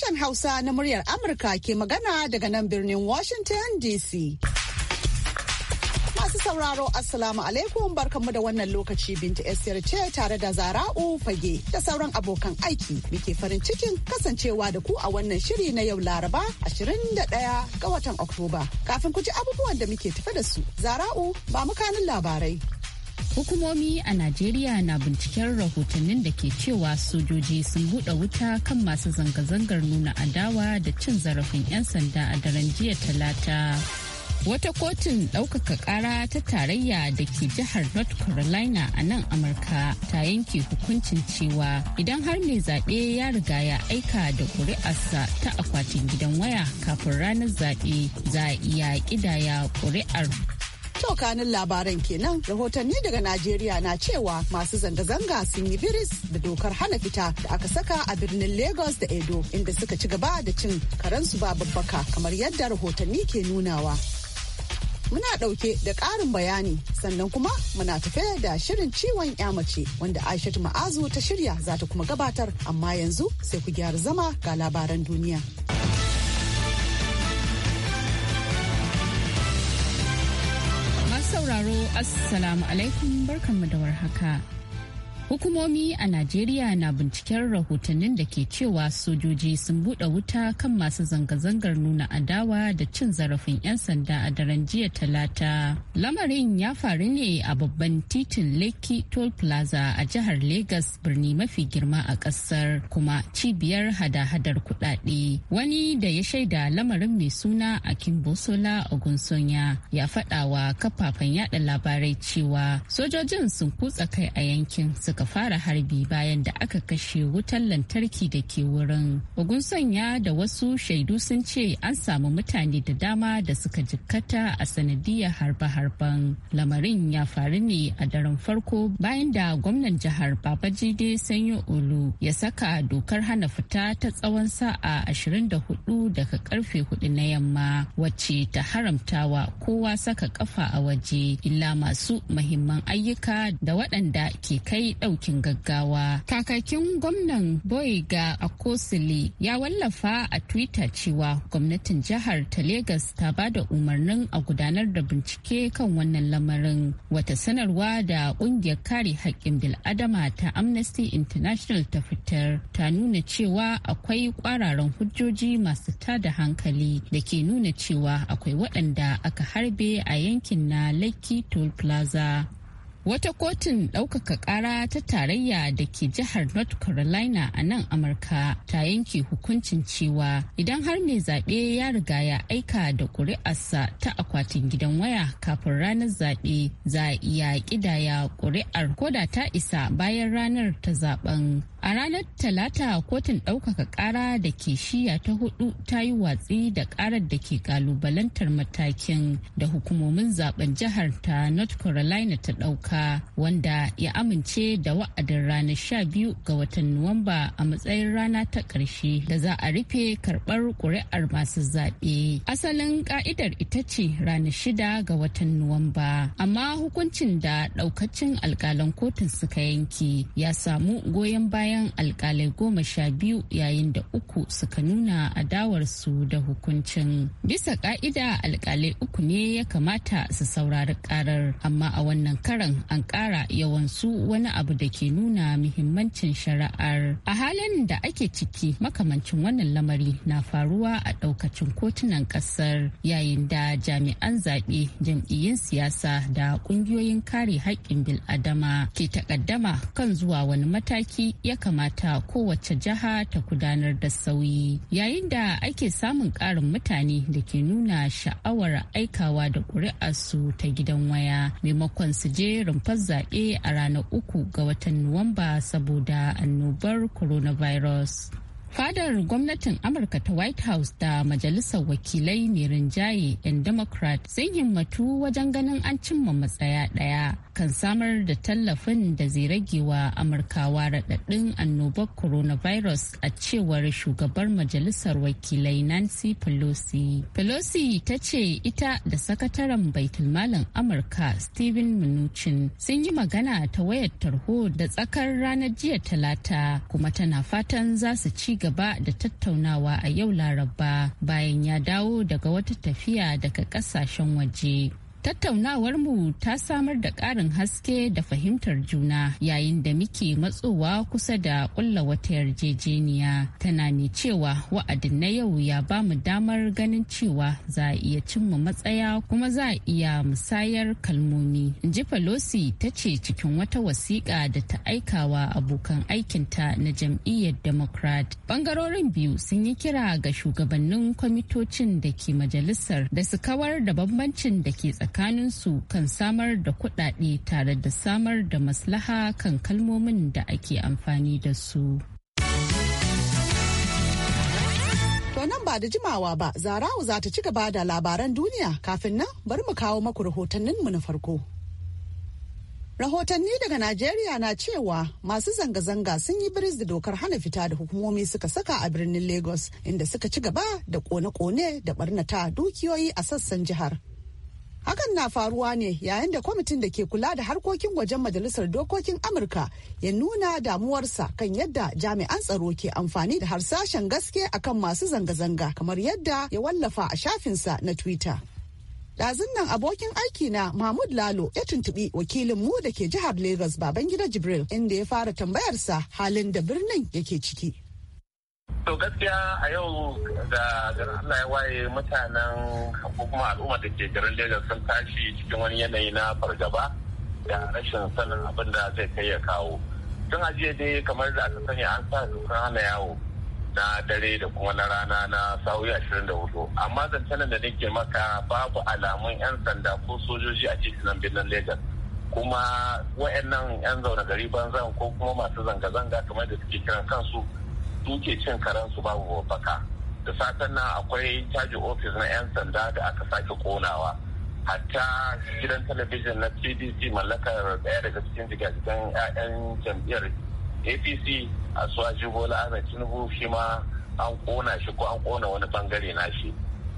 sashen Hausa na muryar Amurka ke magana daga nan birnin Washington DC. Masu sauraro Assalamu alaikum barkanmu da wannan lokaci Binta Esther ce tare da Zara'u Fage da sauran abokan aiki muke farin cikin kasancewa da ku a wannan shiri na yau Laraba 21 ga watan Oktoba. Kafin ku ji abubuwan da muke tafe da su, Zara'u ba mu kanin labarai. Hukumomi a Najeriya na binciken rahotannin da ke cewa sojoji sun buɗe wuta kan masu zanga-zangar nuna adawa da cin zarafin 'yan sanda a daren jiya talata. Wata kotun ɗaukaka ƙara ta tarayya da ke jihar North Carolina a nan Amurka ta yanke hukuncin cewa idan har mai zaɓe ya riga ya aika da ƙuri'arsa ta akwatin gidan waya kafin ranar zaɓe za a iya ƙidaya ƙuri'ar To kanin labaran kenan rahotanni daga Najeriya na cewa masu zanga-zanga sun yi biris da dokar hana fita da aka saka a birnin Lagos da Edo inda suka ci gaba da cin karensu ba babbaka kamar yadda rahotanni ke nunawa. muna ɗauke da ƙarin bayani sannan kuma muna tafe da shirin ciwon mace wanda aishatu ma'azu ta shirya za ta kuma gabatar amma yanzu sai ku gyara zama ga labaran duniya. Assalamu alaikum barkanmu da warhaka. Hukumomi a Najeriya na binciken rahotannin da ke cewa sojoji sun buɗe wuta kan masu zanga-zangar nuna adawa da cin zarafin 'yan sanda a daren jiya talata. Lamarin ya faru ne a babban titin Lekki Toll Plaza a jihar Legas birni mafi girma a ƙasar kuma cibiyar hada-hadar kuɗaɗe. Wani da ya shaida lamarin mai suna a Bosola Ogunsonya ya faɗa wa kafafen yada labarai cewa sojojin sun kutsa kai a yankin suka suka fara harbi bayan da aka kashe wutar lantarki da ke wurin. ya da wasu shaidu sun ce an samu mutane da dama da suka jikkata a sanadiyar harbe harban. Lamarin ya faru ne a daren farko bayan da gwamnan jihar Babajide Sanyo Olu ya saka dokar hana fita ta tsawon sa'a 24 daga karfe 4 na yamma wacce ta haramtawa kowa saka kafa a waje illa masu mahimman ayyuka da waɗanda ke kai ɗaukin gaggawa. Kakakin gwamnan Boyga Akosili ya wallafa a Twitter cewa gwamnatin jihar ta Legas ta ba da umarnin a gudanar da bincike kan wannan lamarin. Wata sanarwa da ƙungiyar kare haƙƙin bil'adama ta Amnesty International ta fitar ta nuna cewa akwai ƙwararan hujjoji masu tada hankali da ke nuna cewa akwai waɗanda aka harbe a yankin na Lekki Toll Plaza. Wata kotun ɗaukaka ƙara ta tarayya da ke jihar North Carolina a nan Amurka ta yanke hukuncin cewa idan har mai zaɓe ya riga ya aika da ƙuri'arsa ta akwatin gidan waya kafin ranar zaɓe za a iya ƙidaya ƙuri'ar koda ta isa bayan ranar ta zaɓen. A ranar Talata kotun ɗaukaka ƙara da ke shiya ta hudu ta yi watsi da ƙarar da ke ƙalubalantar matakin da hukumomin zaben jihar ta North Carolina ta ɗauka wanda ya amince da wa'adin ranar sha biyu ga watan Nuwamba a matsayin rana ta ƙarshe da za a rufe karɓar ƙuri'ar masu zaɓe. Asalin ƙa'idar ita ce ranar shida ga watan Nuwamba, amma hukuncin da ɗaukacin alƙalan kotun suka yanke ya samu goyon baya bayan alkalai goma sha biyu yayin da uku suka nuna adawarsu da hukuncin bisa ka'ida alkalai uku ne ya kamata su saurari karar amma a wannan karan an kara yawansu wani abu da ke nuna muhimmancin shari'ar a halin da ake ciki makamancin wannan lamari na faruwa a daukacin kotunan kasar yayin da jami'an zaɓe jam'iyyun siyasa da ƙungiyoyin kare haƙƙin bil'adama ke takaddama kan zuwa wani mataki ya kamata kowace jiha ta gudanar da sauyi yayin da ake samun ƙarin mutane da ke nuna sha'awar aikawa da su ta gidan waya maimakon su je rumfar zaɓe a ranar uku ga watan nuwamba saboda annobar coronavirus fadar gwamnatin amurka ta white house da majalisar wakilai mai rinjaye 'yan democrat sun himmatu wajen ganin an cimma matsaya ɗaya kan samar da tallafin da zai ragewa amurkawa raɗaɗin annobar coronavirus a cewar shugabar majalisar wakilai nancy pelosi pelosi ta ce ita da sakataren baitulmalin amurka steven mnuchin sun yi magana ta wayar tarho da tsakar ranar jiya talata kuma tana fatan za su ci gaba da tattaunawa a yau laraba bayan ya dawo daga wata tafiya daga kasashen waje. Tattaunawarmu ta samar da ƙarin haske da fahimtar juna yayin da muke matsowa kusa da ƙulla wata yarjejeniya. Tana ne cewa wa'adin na yau ya ba mu damar ganin cewa za a iya cimma matsaya kuma za a iya musayar kalmomi. Inji Pelosi ta ce cikin wata wasiƙa da ta aikawa abokan aikinta na jam'iyyar Democrat. Bangarorin biyu sun yi kira ga shugabannin kwamitocin da ke majalisar da su kawar da bambancin da ke tsakanin su kan samar da kuɗaɗe tare da samar da maslaha kan kalmomin da ake amfani da su. To nan ba da jimawa ba, Zarawu za ta ci gaba da labaran duniya kafin nan bari mu kawo maku mu na farko. Rahotanni daga Najeriya na cewa masu zanga-zanga sun yi biris da dokar hana fita da hukumomi suka saka a birnin Lagos inda suka ci gaba da kone-kone da barnata dukiyoyi a sassan jihar. Hakan na faruwa ne yayin da kwamitin da ke kula da harkokin wajen Majalisar Dokokin Amurka ya nuna damuwarsa kan yadda jami'an tsaro ke amfani da harsashen gaske akan masu zanga-zanga kamar yadda ya wallafa a shafinsa na Twitter. Ɗazun nan abokin aiki na Mahmud Lalo ya tuntubi wakilin mu da ke jihar Lagos Babangida Jibril inda ya fara tambayarsa halin da birnin yake ciki. to gaskiya a yau da Allah ya waye mutanen ko kuma al'umma da ke garin Legas sun tashi cikin wani yanayi na fargaba da rashin sanin abin da zai kai ya kawo tun ajiye dai kamar da aka sani an sa dokar hana yawo na dare da kuma na rana na sa'o'i ashirin da hudu amma zancen da nake maka babu alamun yan sanda ko sojoji a titunan birnin Legas kuma wa'annan yan zaune gari banzan ko kuma masu zanga-zanga kamar da suke kiran kansu duke cin karansu babu babbaka da satan nan akwai caji ofis na 'yan sanda da aka sake konawa hatta gidan talabijin na cdc mallakar daya daga cikin jigajigan 'ya'yan jam'iyyar apc a suwaji bola ahmed tinubu shi ma an kona shi ko an kona wani bangare na shi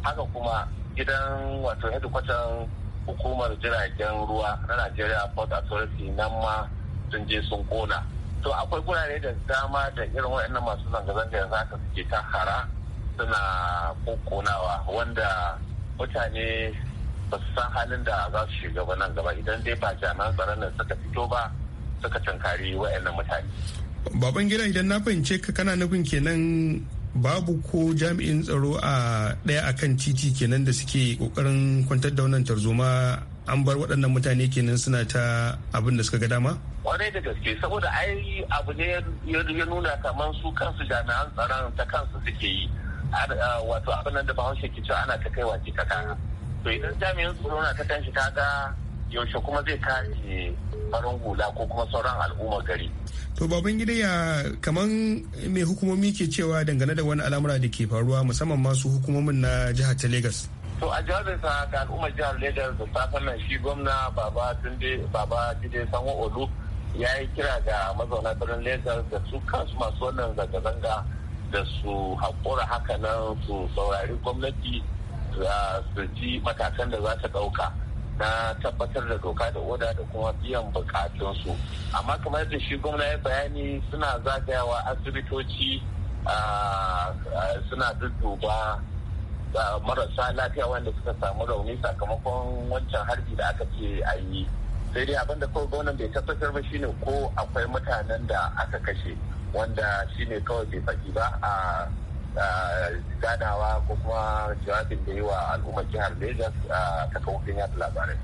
haka kuma gidan wato hedikwatan hukumar jiragen ruwa na najeriya port authority nan ma sun je sun kona to akwai gurare da dama da irin waɗannan masu zanga-zanga yanzu haka suke hara suna kokonawa wanda mutane ba su san halin da za su shiga ba nan gaba idan dai ba jami'an tsaron nan suka fito ba suka tunkari waɗannan mutane. baban gida idan na fahimce ka kana nufin kenan babu ko jami'in tsaro a ɗaya akan titi kenan da suke kokarin kwantar da wannan tarzoma an bar waɗannan mutane kenan suna ta abin da suka ga dama? kwarai da gaske saboda ai abu ne ya nuna kamar su kansu jami'an tsaron ta kansu suke yi ah, wato abin da ba ke cewa ana ta kai wa kaka to idan jami'an tsaro na ta kanshi ta ga yaushe kuma zai kare farin hula ko kuma sauran al'ummar gari to baban gida ya kaman me hukumomi ke cewa dangane da wani al'amura da ke faruwa musamman masu hukumomin na jihar ta Legas. to a jawabinsa ga al'ummar jihar Legas da safen nan shi gwamna baba tunde baba jide sanwo olu ya yi kira ga mazauna birnin legas da su kansu masu wannan zanga-zanga da su haƙura haka nan su saurari gwamnati su ji matakan da za ta ɗauka na tabbatar da doka da oda da kuma biyan buƙatunsu. amma kamar da shi gwamna ya bayani suna zagayawa asibitoci suna dudduba marasa lafiya wanda suka samu rauni sakamakon wancan harbi da aka ce a yi sai dai abinda kawai gwamnan bai tabbatar ba shine ko akwai mutanen da aka kashe wanda shine kawai bai faɗi ba a ganawa ko kuma jawabin da yi wa al'ummar jihar lagos a kakawakin yada labarai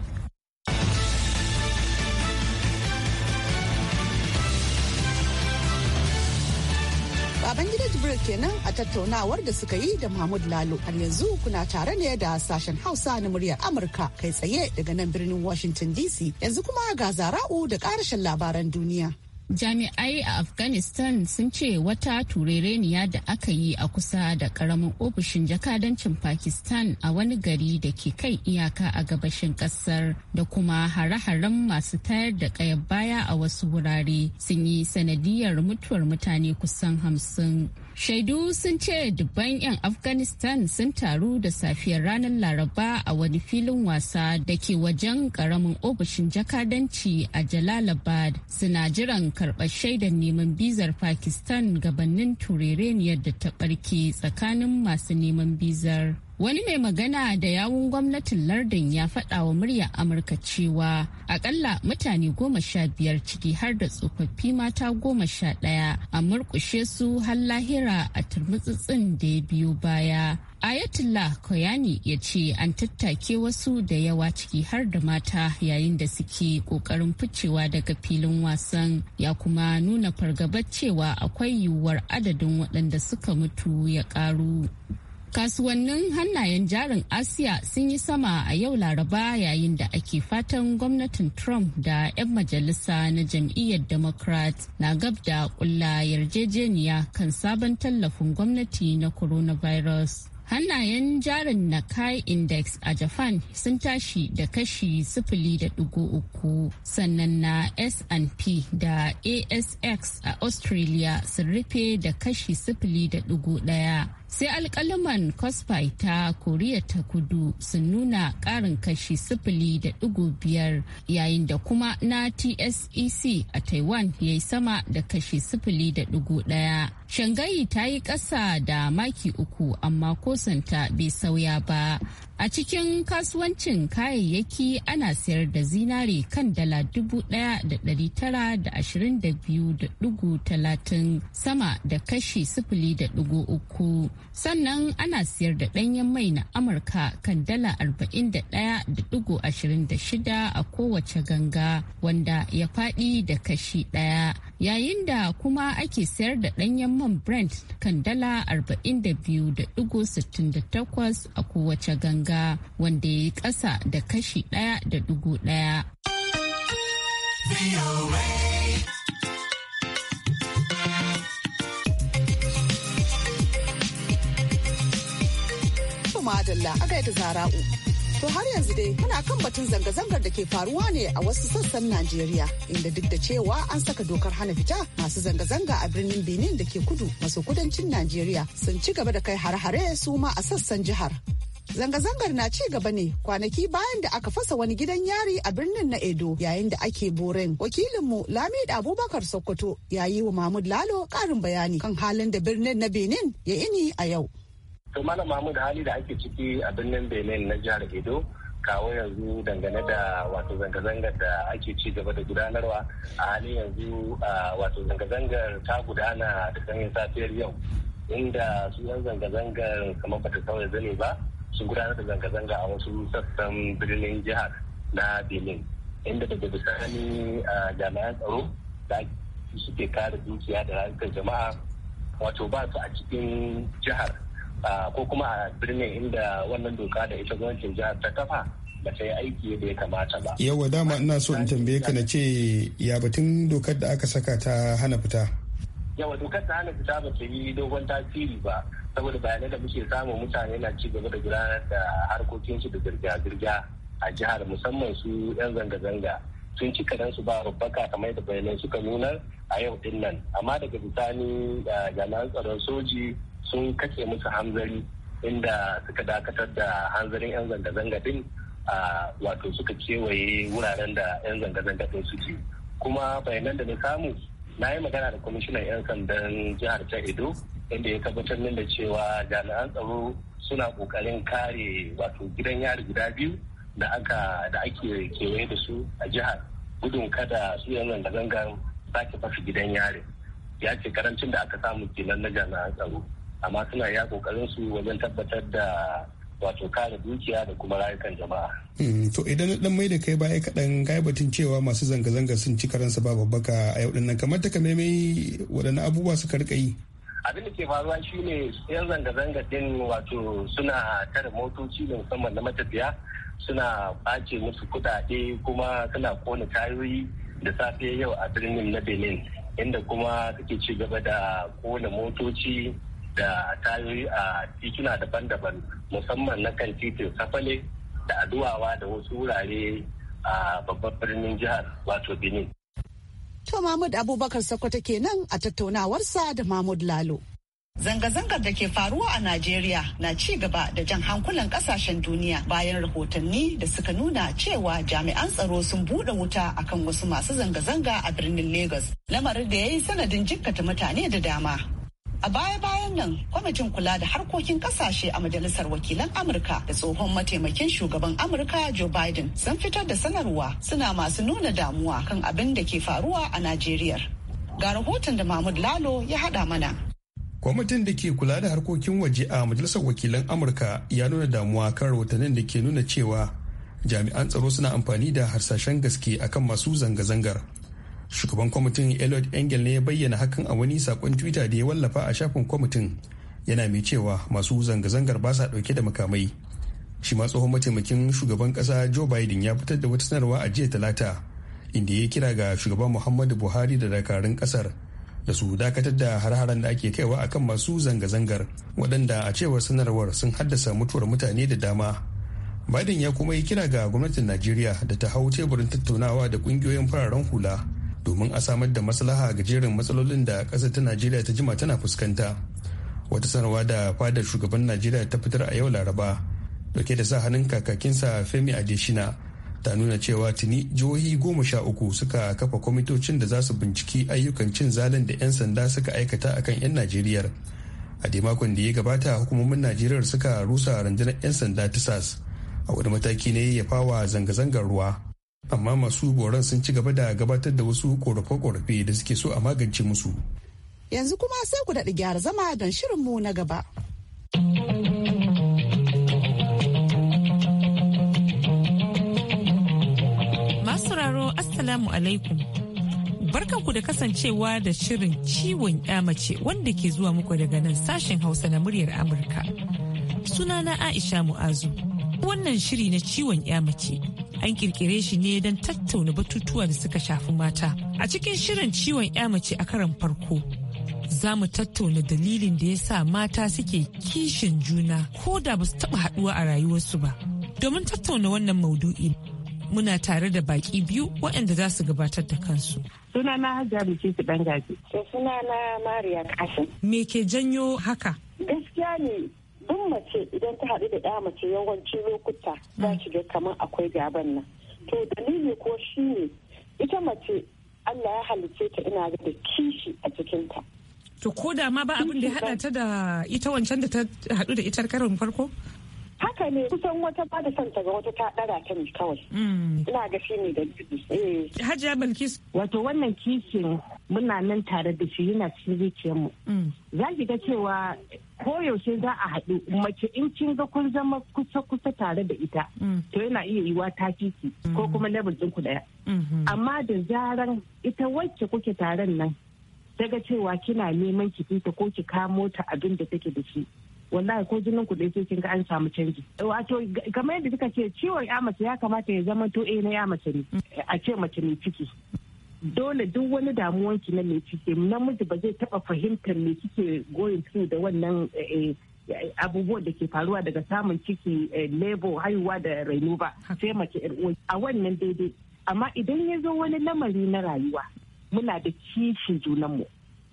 Baban gida Jibril kenan a tattaunawar da suka yi da Mahmud Lalo har yanzu kuna tare ne da sashen Hausa na muryar Amurka kai tsaye daga nan birnin Washington DC yanzu kuma ga zara'u da karashin labaran duniya. jami'ai a afghanistan sun ce wata turereniya da aka yi a kusa da karamin ofishin jakadancin pakistan a wani gari da ke kai iyaka a gabashin kasar da kuma hare-haren masu tayar da kayar baya a wasu wurare sun yi sanadiyar mutuwar mutane kusan hamsin Shaidu sun ce dubban 'yan Afghanistan sun taru da safiyar ranar Laraba a wani filin wasa da ke wajen karamin ofishin jakadanci a Jalalabad suna jiran karɓar shaidar neman bizar Pakistan gabanin turereniyar da ta ɓarke tsakanin masu neman bizar. wani mai magana da yawun gwamnatin lardin ya faɗa wa murya amurka cewa akalla mutane goma sha biyar ciki har da tsofaffi mata goma sha ɗaya a murƙushe su har lahira a turmutsutsun da ya biyo baya ayatollah koyani ya ce an tattake wasu da yawa ciki har da mata yayin da suke ƙoƙarin ficewa daga filin wasan ya kuma nuna fargabar cewa akwai yiwuwar adadin waɗanda suka mutu ya ƙaru Kasuwannin hannayen jarin Asiya sun yi sama a yau Laraba yayin da ake fatan gwamnatin Trump da 'yan majalisa na jam'iyyar Democrat na gab da kulla yarjejeniya kan sabon tallafin gwamnati na coronavirus. Hannayen jarin Nakai Index a Japan sun tashi da kashi uku sannan na S&P da ASX a Australia sun rufe da kashi ɗaya. sai alkalaman cosby ta koriya ta kudu sun nuna karin kashi sifili da digo biyar yayin da kuma na tsec a taiwan ya yi sama da kashi sifili da digo daya shangayi ta yi kasa da maki uku amma kosanta bai sauya ba A cikin kasuwancin kayayyaki ana sayar da zinare kan dala dubu ɗaya da ɗari tara da ashirin da biyu da talatin sama da kashi sifili da ɗigo uku. Sannan ana sayar da ɗanyen mai na Amurka kan dala arba'in da ɗaya da ashirin da shida a kowace ganga wanda ya faɗi da kashi ɗaya. Yayin da kuma ake sayar da ɗanyen man Brent kan dala arba'in da biyu da sittin da takwas a kowace ganga. ga wanda ya yi ƙasa da kashi ɗaya da dugu ɗaya. a zara'u. To har yanzu dai kana kan batun zanga-zangar da ke faruwa ne a wasu sassan Najeriya inda duk da cewa an saka dokar hana fita masu zanga-zanga a birnin Benin da ke kudu maso kudancin Najeriya sun ci gaba da kai har-hare su ma a sassan jihar. Zanga-zangar na ci gaba ne kwanaki bayan da aka fasa wani gidan yari a birnin na Edo yayin da ake borin. Wakilinmu Lamid Abubakar Sokoto ya yi wa Mahmud Lalo karin bayani kan halin da birnin na Benin ya ini a yau. To mana Mahmud hali da ake ciki a birnin Benin na jihar Edo kawo yanzu dangane da wato zanga-zangar da ake ci gaba da gudanarwa a halin yanzu wato zanga-zangar ta gudana da safiyar yau inda su yan zanga-zangar kamar bata sauya zane ba sun gudanar da zanga-zanga a wasu sassan birnin jihar na benin inda daga bisani jami'an tsaro da suke kare dukiya da rayukan jama'a wato ba su a cikin jihar ko kuma a birnin inda wannan doka da ita gwamnatin jihar ta kafa ba ta yi aiki yadda ya kamata ba. Yawa dama ina so in tambaye ka na ce ya batun dokar da aka saka ta hana fita. yawa dokar ta hana fita ba ta yi dogon tasiri ba saboda bayanai da muke samu mutane na ci gaba da gudanar da harkokinsu da zirga-zirga a jihar musamman su 'yan zanga-zanga sun ci su ba babbaka kamar da bayanai suka nuna a yau din nan amma daga bisani jami'an tsaron soji sun kace musu hanzari inda suka dakatar da hanzarin 'yan zanga-zanga din wato suka kewaye wuraren da 'yan zanga-zanga din suke kuma bayanan da na samu na yi magana da kwamishinan 'yan sandan jihar ta edo inda ya tabbatar min da cewa jami'an tsaro suna kokarin kare wato gidan yari guda biyu da aka da ake kewaye da su a jihar gudun kada su yan zanga-zangar sake fasa gidan yari ya ce karancin da aka samu kenan na jami'an tsaro amma suna ya kokarin su wajen tabbatar da wato kare dukiya da kuma rayukan jama'a. Hmm, to idan dan mai da kai baya kaɗan gaibatin cewa masu zanga-zanga sun ci karansa ba ka a yau dinnan kamar ta mai abubuwa suka rika yi. abin da ke faruwa shine yan zanga-zanga din wato suna tare motoci da musamman na matafiya suna ɓace musu kuɗaɗe kuma suna kona tayoyi da safe yau a birnin na benin inda kuma suke ci gaba da kona motoci da tayoyi a tituna daban-daban musamman na kan titin safale da aduwawa da wasu wurare a babban birnin jihar wato benin to mahmud abubakar sokoto kenan a tattaunawarsa da mahmud lalo Zanga-zangar da ke faruwa a Najeriya na ci gaba da jan hankulan kasashen duniya bayan rahotanni da suka nuna cewa jami'an tsaro sun bude wuta akan wasu masu zanga-zanga a birnin Lagos. Lamarin da ya yi sanadin jikkata mutane da dama. A baya-bayan nan, kwamitin kula da harkokin kasashe a Majalisar Wakilan Amurka da tsohon mataimakin shugaban Amurka Joe Biden sun fitar da sanarwa suna masu nuna damuwa kan abin da ke faruwa a Najeriya. Ga rahoton da Mahmud Lalo ya haɗa mana. Kwamitin da ke kula da harkokin waje a Majalisar Wakilan Amurka ya nuna damuwa kan rahotannin da ke nuna cewa jami'an tsaro suna amfani da harsashen gaske akan masu zanga-zangar. shugaban kwamitin elliot engel ne ya bayyana hakan a wani sakon twitter da ya wallafa a shafin kwamitin yana mai cewa masu zanga-zangar ba sa dauke da makamai shi ma tsohon mataimakin shugaban kasa joe biden ya fitar da wata sanarwa a jiya talata inda ya kira ga shugaban muhammadu buhari da dakarun kasar da su dakatar da har-haren da ake kaiwa akan masu zanga-zangar waɗanda a cewar sanarwar sun haddasa mutuwar mutane da dama biden ya kuma yi kira ga gwamnatin najeriya da ta hau teburin tattaunawa da ƙungiyoyin fararen hula domin a samar da maslaha ga jerin matsalolin da ƙasar ta najeriya ta jima tana fuskanta wata sanarwa da fadar shugaban najeriya ta fitar a yau laraba dauke da sa hannun kakakinsa femi adeshina ta nuna cewa tuni jihohi goma sha uku suka kafa kwamitocin da za su binciki ayyukan cin zalin da 'yan sanda suka aikata akan 'yan najeriya a dai makon da ya gabata hukumomin najeriya suka rusa rundunar 'yan sanda ta sas a wani mataki ne ya fawa zanga-zangar ruwa amma masu boran sun ci gaba da gabatar da wasu korafe-korafe da suke so a magance musu yanzu kuma sai ku daɗi gyara zama don shirinmu na gaba masu raro assalamu alaikum barkanku da kasancewa da shirin ciwon mace wanda ke zuwa muku daga nan sashen hausa na muryar amurka sunana aisha mu'azu wannan shiri na ciwon mace an kirkire shi ne don tattauna batutuwa da suka shafi mata. A cikin shirin ciwon ya mace a karan farko, za mu tattauna dalilin da ya sa mata suke kishin juna ko da ba su taɓa haɗuwa a rayuwarsu ba. Domin tattauna wannan maudu'i muna tare da baƙi biyu waɗanda za su gabatar da kansu. Sunana su Cisu Ɗangaji. Sunana Mariya Kashin. Me ke janyo haka? Gaskiya ne in mace idan ta haɗu da ɗaya mace yawancin lokuta za mm. ki ga kamar akwai gaban nan to dalili ko shi ne ita mace Allah ya halice ta ina da kishi a cikinta. To ko da ma ba abin da ya haɗa ta da ita wancan da ta haɗu da ita karin farko? haka ne kusan wata ba da son ga wata ta dara ta ne kawai. Mm. Ina ga shi ne da eh. Hajiya Bilkis. Wato wannan kishin muna nan tare da shi yana cikin zuciyarmu. Mm. Za ki ga cewa ko yaushe za a haɗu mace in kin ga kun zama kusa-kusa tare da ita mm. to yana iya yiwa ta kiki mm. ko kuma level ku ɗaya mm-hmm. amma da zaran ita wacce kuke taron nan daga cewa kina neman ki fita ko ki kamo ta abin da take da shi wallahi ko jinin ku sai kin ga an samu canji wato kamar yadda kika ce ciwon ya mace ya kamata ya zama to eh na ya mace ne mm. a ce mace ne ciki dole duk wani damuwanki na mai cike namiji ba zai taba fahimtar me kike going through da wannan eh, eh, abubuwan da ke faruwa daga samun ciki eh, lebo haihuwa da rainu ba sai mace a wannan daidai amma idan ya zo wani lamari na rayuwa muna da kishin junanmu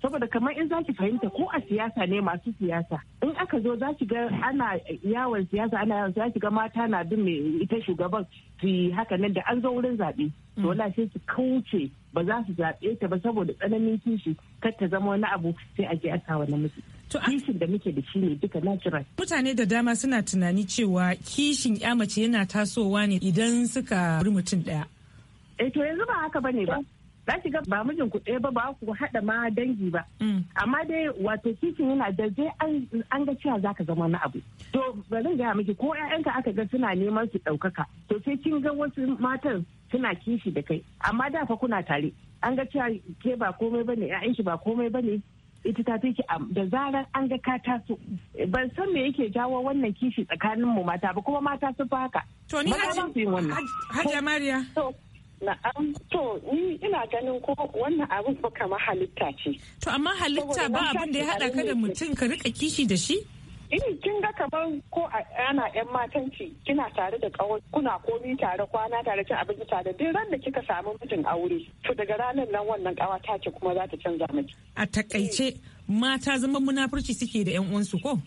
saboda kamar in zaki fahimta ko a siyasa ne masu siyasa in aka zo za ga ana yawon siyasa ana yawon za ki ga mata na bin mai ita shugaban su yi haka nan da an zo wurin zaɓe to mm. wala sai su kauce ba za su zaɓe ta ba saboda tsananin kishi kar ta zama wani abu sai a je a sa wani mutu kishin da muke da shi ne duka natural mutane da dama suna tunani cewa kishin ya mace yana tasowa ne idan suka mutum daya. eh to yanzu ba haka bane ba za ki ga ba mijin ku ɗaya ba ba ku haɗa ma dangi ba mm. amma dai wato kishin yana da dai an ga cewa ka zama na abu to ba zan gaya miki ko ƴaƴanka aka ga suna neman su ɗaukaka to sai kin ga wasu matan suna kishi da kai amma da fa kuna tare an ga cewa ke ba komai ba ne ƴaƴanki ba komai ba ne ita ta fi da zarar an ga ka taso ban san me yake jawo wannan kishi tsakanin mu mata ba kuma mata sun fi haka to ni Hajji Amariya. Na'am, to ni ina ganin ko wannan abin ba kama halitta ce. To amma halitta ba abin da ya haɗa ka da mutum ka rika kishi da shi? in eh, kin ga kamar ko ana yan matanci kina tare da kawai kuna komi tare kwana tare cin abinci tare duk ran da kika samu mijin aure to daga ranar nan wannan kawa ta ce kuma za ta canza miki a takaice eh. mata zama munafurci suke da yan uwansu ko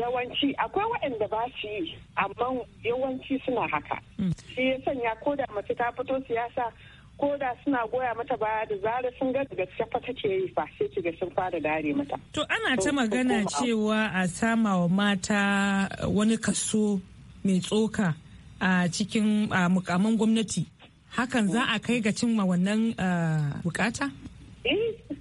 yawanci akwai waɗanda ba su yi amma yawanci suna haka mm. shi ya sanya ko da mace ta fito siyasa ko da suna goya mata baya da zarar sun ga gaske fa take yi fa sai ga sun fara dare mata to ana ta magana cewa a sama wa mata wani kaso mai tsoka a cikin mukamman gwamnati hakan za a kai ga cimma wannan eh, bukata eh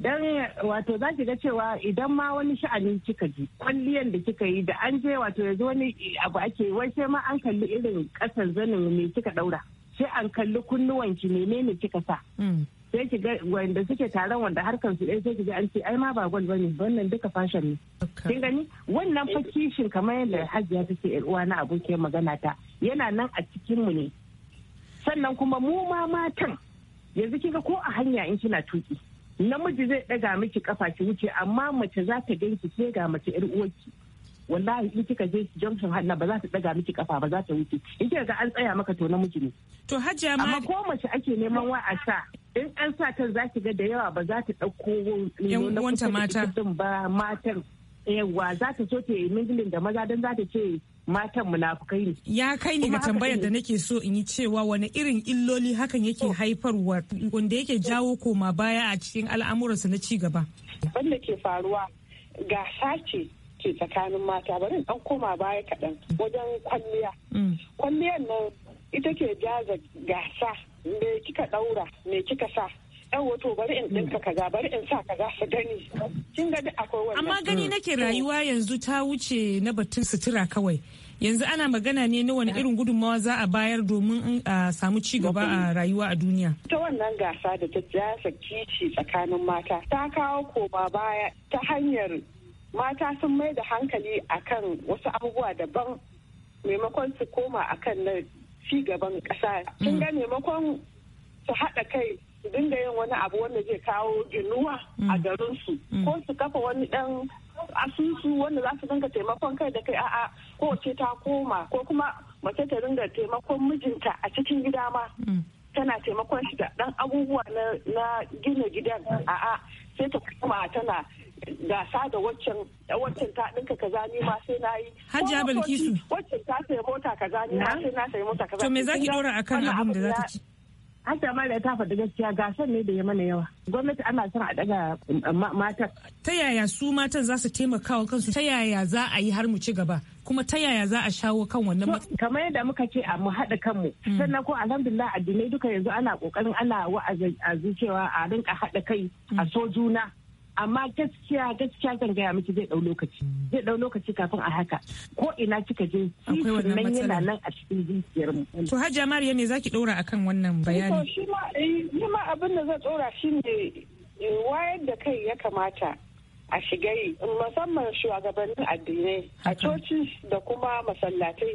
dan wato za ki ga cewa idan ma wani sha'ani kika ji kwalliyan da kika yi da an je wato yanzu wani abu ake wai sai ma an kalli irin kasan zanin me kika daura sai an kalli kunnuwanki menene kika sa hmm. sai ki ga wanda suke taron wanda harkar su ɗaya sai ki ga an ce ai ma ba gwal bane wannan duka fashion ne kin gani wannan fakishin eh. kamar yadda hajiya take uwa na abokiyar magana ta yana nan a cikin mu ne sannan kuma mu ma matan yanzu kika ko a hanya in kina tuki namiji zai daga miki kafa ki wuce amma mace za ta ganki sai ga mace yar uwarki wallahi in kika je junction hanna ba za ta daga miki kafa ba za ta wuce in kika ga an tsaya maka to namiji ne to hajjia amma ko mace ake neman wa a sa in an sa ta za ki ga da yawa ba za ta dauko yan mata ba matan yawa za ta so ta yi mingilin da maza don za ta ce matan munafukai ne. Ya kai ni ga tambayar da nake so in yi cewa wani irin illoli hakan yake haifarwa wanda yake jawo koma baya a cikin al'amuransu na ci gaba. Wanda ke faruwa gasa ce ke tsakanin mata bari dan koma baya kaɗan wajen kwalliya. Mm. Kwalliyar nan ita ke jaza gasa me kika ɗaura me kika sa yan wato bari in ɗinka mm. kaza bari in sa kaza su gani kin ga akwai wannan amma gani mm. nake rayuwa yanzu ta wuce na batun sutura kawai yanzu ana magana ne na wani irin gudunmawa za a bayar domin a uh, samu ci gaba a rayuwa a duniya ta wannan gasa da ta jasa kici tsakanin mata ta kawo koma baya ta hanyar mata sun mai da hankali akan wasu abubuwa daban maimakon su koma akan na ci gaban ƙasa kin ga mm. maimakon su haɗa kai su dinga yin wani abu wanda zai kawo ginuwa a mm. garinsu mm. ko su kafa wani ɗan asusu wanda za su dinga taimakon kai da kai a'a ce ta koma ko kuma mace ta dinga taimakon mijinta a cikin gida ma mm. tana taimakon shi da dan abubuwa na gina gidan a'a sai ta koma tana gasa da waccan waccan ta dinka kaza ni ma sai na yi Hajiya waccan ta sai mota kaza ni ma sai na sai mota kaza to me zaki dora akan abin da za ta ci Hajja Mariya ta faɗi gaskiya san ne da ya mana yawa. Gwamnati ana son a daga um, matan. Ta yaya su matan za su taimaka wa kansu? Ta yaya za a yi har mu ci gaba? Kuma ta yaya za a shawo kan wannan Kamar yadda muka ce a mu haɗa kanmu. Mm. Sannan ko alhamdulillah addinai duka yanzu ana ƙoƙarin ana wa'azi cewa a rinka haɗa kai a mm. so juna. amma gaskiya gaskiya zan gaya miki zai dau lokaci zai dau lokaci kafin a haka ko ina kika je titin nan yana nan a cikin zuciyar mu to hajja mariya me zaki daura akan wannan eh, bayani to shi ma eh, ni ma abin da zan daura shine eh, wayar da kai ya kamata a shigai musamman shugabannin addinai a coci da kuma masallatai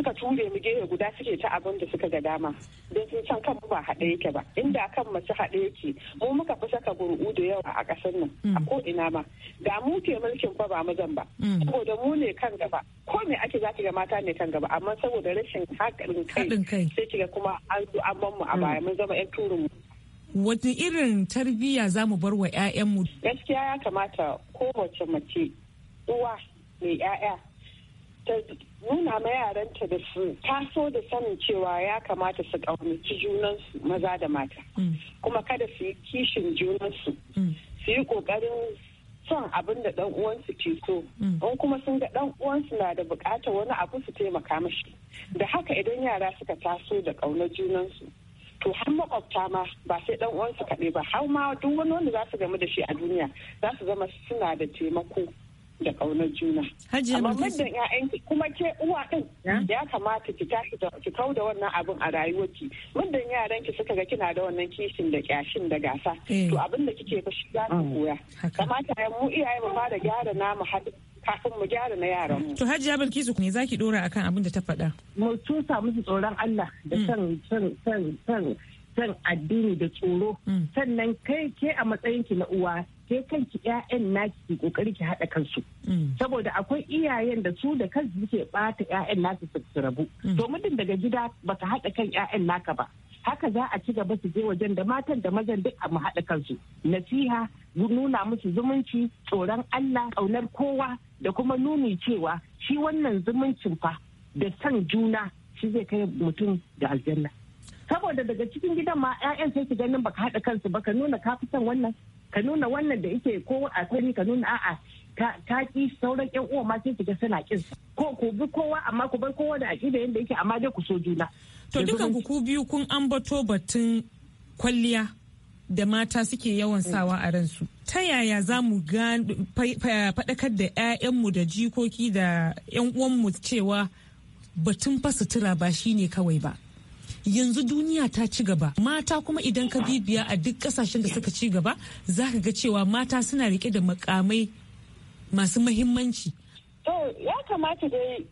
suka ture mu gehe guda suke ta abin da suka ga dama don sun can kanmu ba haɗe yake ba inda kan masu haɗe yake mu muka fi saka gurgu da yawa a ƙasar nan a mm. ko ina ma da mu ke mulkin ba mu zan ba mm. saboda mu ne kan gaba ko me ake za ki ga mata ne kan gaba amma saboda rashin haɗin kai sai ki ga kuma an zo an mu a baya mm. mun zama 'yan turin mu wata irin tarbiyya za mu bar wa 'ya'yanmu? Gaskiya ya kamata kowace mace uwa mai 'ya'ya ta nuna ma yaranta da su taso da sanin cewa ya kamata su ƙaunaci junansu maza da mata mm. kuma kada su yi kishin junansu mm. su yi ƙoƙarin son abin da ɗan uwansu ke so mm. in kuma sun ga ɗan uwansu na da buƙatar wani abu su taimaka mashi da haka idan yara suka taso da ƙaunar junansu to har makwabta ma ba sai dan uwansu kaɗai ba har ma duk wani wanda za su gamu da shi a duniya za su zama suna da taimako da kaunar juna. Amma ‘ya’yan ki kuma ke uwa ɗin ya kamata ki tashi da ki kau da wannan abin a rayuwarki. Muddin yaranki suka ga kina da wannan kishin da kyashin da gasa. Eh. To abin da kike fa shi za ku ah. koya. Kamata ya mu iyaye mu fara gyara namu hadin kafin mu gyara na yaran mu. To hajji Hajiya Bilkisu ne zaki dora akan abin da ta faɗa? Mu tusa musu tsoron Allah da mm. san san san san son addini da tsoro mm. sannan kai ke a matsayinki na uwa ke kanki ƴaƴan naki ki kokari ki haɗa kansu mm. saboda akwai iyayen da su da kansu suke bata ƴaƴan naki su rabu mm. to muddin daga gida baka haɗa kan ƴaƴan naka ba haka za a ci gaba su je wajen da matan da mazan duk a mu haɗa kansu nasiha nuna musu zumunci tsoron Allah ƙaunar kowa da kuma nuni cewa shi wannan zumuncin fa da san juna shi zai kai mutum da aljanna saboda daga cikin gidan ma 'ya'yan sai su ganin baka haɗa kansu ba ka nuna ka son wannan ka nuna wannan da yake ko a sani ka nuna a'a ta ki sauran yan uwa ma sai ga suna kin ko ku bi kowa amma ku bar kowa da aƙida yadda yake amma dai ku so juna to dukan ku biyu kun ambato batun kwalliya da mata suke yawan sawa a ransu ta yaya za mu faɗakar da 'ya'yanmu da jikoki da 'yan uwanmu cewa batun fasutura ba shine kawai ba yanzu duniya ta ci gaba mata kuma idan ka bibiya a duk kasashen da suka ci gaba za ka ga cewa mata suna rike da makamai masu mahimmanci to ya kamata dai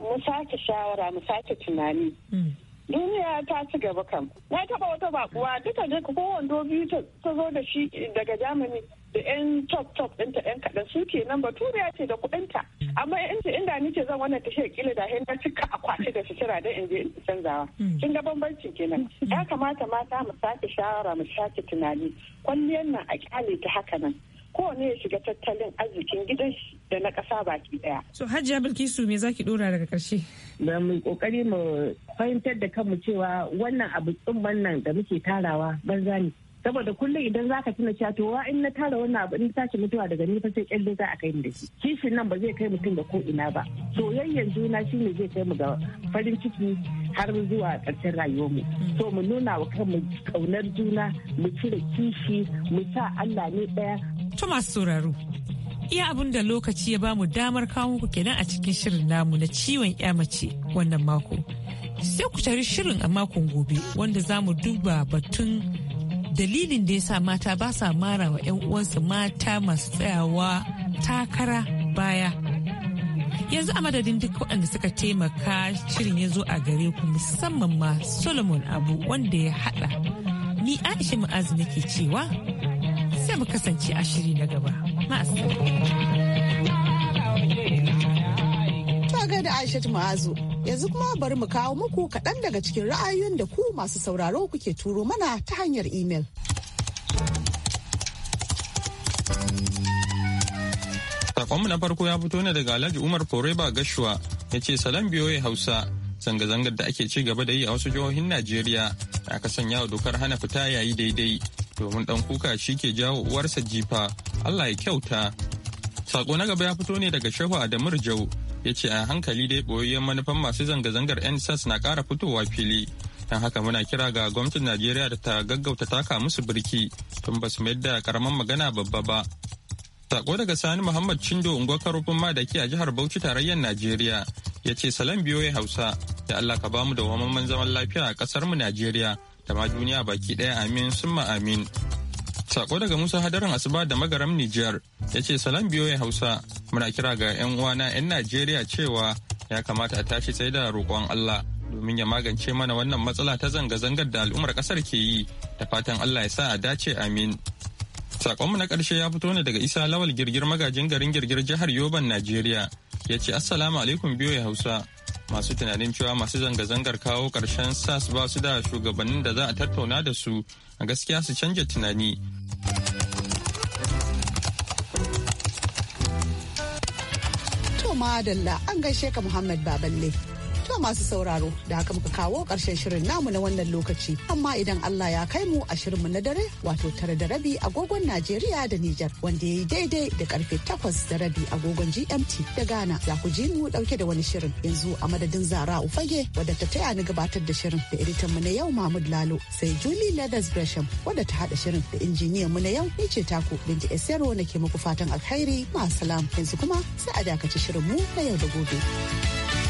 mu sake shawara mu sake tunani hmm. duniya ta ci gaba kam na taba wata bakuwa duka duka kowanne biyu ta zo da shi daga jamani da yan top top ɗinta yan kaɗan su ke ba ya ce da kuɗinta amma in ce inda ni ce zan wannan shi kila da hinda cika akwati da fitira da in je in canzawa hmm. kin ga bambancin kenan hmm. ya kamata mata mu sake shawara mu sake tunani kwalliyar nan a kyale ta haka nan kowane ya shiga tattalin arzikin gidan shi da na ƙasa baki ɗaya. So Hajiya Bilkisu me zaki dora daga karshe. Da mu kokari mu fahimtar da kanmu cewa wannan abu tsumman nan da muke tarawa banza ne. saboda kullum idan zaka tuna cewa to wa in na tara wannan abu in tashi mutuwa daga ni fa sai kyalle za a kai mu da shi kishin nan ba zai kai mutum da ko ina ba soyayyen juna shine zai kai mu ga farin ciki har zuwa karshen rayuwar mu so mu nuna wa kanmu kaunar juna mu cire kishi mu sa Allah ne ɗaya. To masu sauraro iya abin da lokaci ya bamu damar kawo ku kenan a cikin shirin namu na ciwon ya mace wannan mako. Sai ku tari shirin a makon gobe wanda za mu duba batun dalilin da ya sa mata ba sa mara wa 'yan uwansu mata masu tsayawa takara baya yanzu a madadin duk waɗanda suka taimaka shirin ya zo a gare ku musamman ma solomon abu wanda ya haɗa ni aisha mu'azu nake cewa sai mu kasance a shiri na gaba ma'asa. da Aisha Mu'azu Yanzu kuma bari mu kawo muku kaɗan daga cikin ra'ayoyin da ku masu sauraro kuke turo mana ta hanyar imel. saƙonmu na farko ya fito ne daga Alhaji Umar Foreba Gashuwa ya ce salam biyoyi Hausa zanga-zangar da ake ci gaba da yi a wasu jihohin Najeriya da aka sanya wa dokar hana fita yayi daidai domin dan kuka shi ke jawo uwarsa jifa Allah ya kyauta. saƙo na gaba ya fito ne daga Shehu Adamu Jau ya ce a hankali dai ɓoyayyen manufan masu zanga-zangar nsas na kara fitowa fili don haka muna kira ga gwamnatin najeriya da ta gaggauta taka musu birki tun ba su mayar da karaman magana babba ba sako daga sani muhammad chindo unguwar karofin madaki a jihar bauchi tarayyar najeriya ya ce salam biyoyi hausa da allah ka bamu da wamamman zaman lafiya a kasar mu najeriya da ma duniya baki ɗaya amin summa amin Sako daga Musa Hadarin Asuba da Magaram Nijar ya ce salam biyoyin Hausa muna kira ga 'yan uwana 'yan Najeriya cewa ya kamata a tashi tsaye da roƙon Allah domin ya magance mana wannan matsala ta zanga-zangar da al'ummar ƙasar ke yi da fatan Allah ya sa a dace amin. Sakonmu na ƙarshe ya fito ne daga Isa Lawal Girgir magajin garin Girgir jihar Yoban Najeriya ya ce Assalamu alaikum biyoyin Hausa masu tunanin cewa masu zanga-zangar kawo ƙarshen sas ba su da shugabannin da za a tattauna da su a gaskiya su canja tunani To madalla an gaishe ka Muhammad Baballe. To masu sauraro da haka muka kawo ƙarshen shirin namu na wannan lokaci. Amma idan Allah ya kai mu a shirinmu na dare wato tare da rabi agogon Najeriya da Nijar wanda ya yi daidai da karfe takwas da rabi agogon GMT da Ghana. Za ku ji mu ɗauke da wani shirin yanzu a madadin Zara Ufage wadda ta taya ni gabatar da shirin da editan mu na yau Mahmud Lalo sai Julie Ladas Gresham wadda ta hada shirin da injiniyan mu na yau ni ce taku Binta Esero na ke muku fatan alkhairi ma salam yanzu kuma sai a dakaci shirin mu na yau da gobe.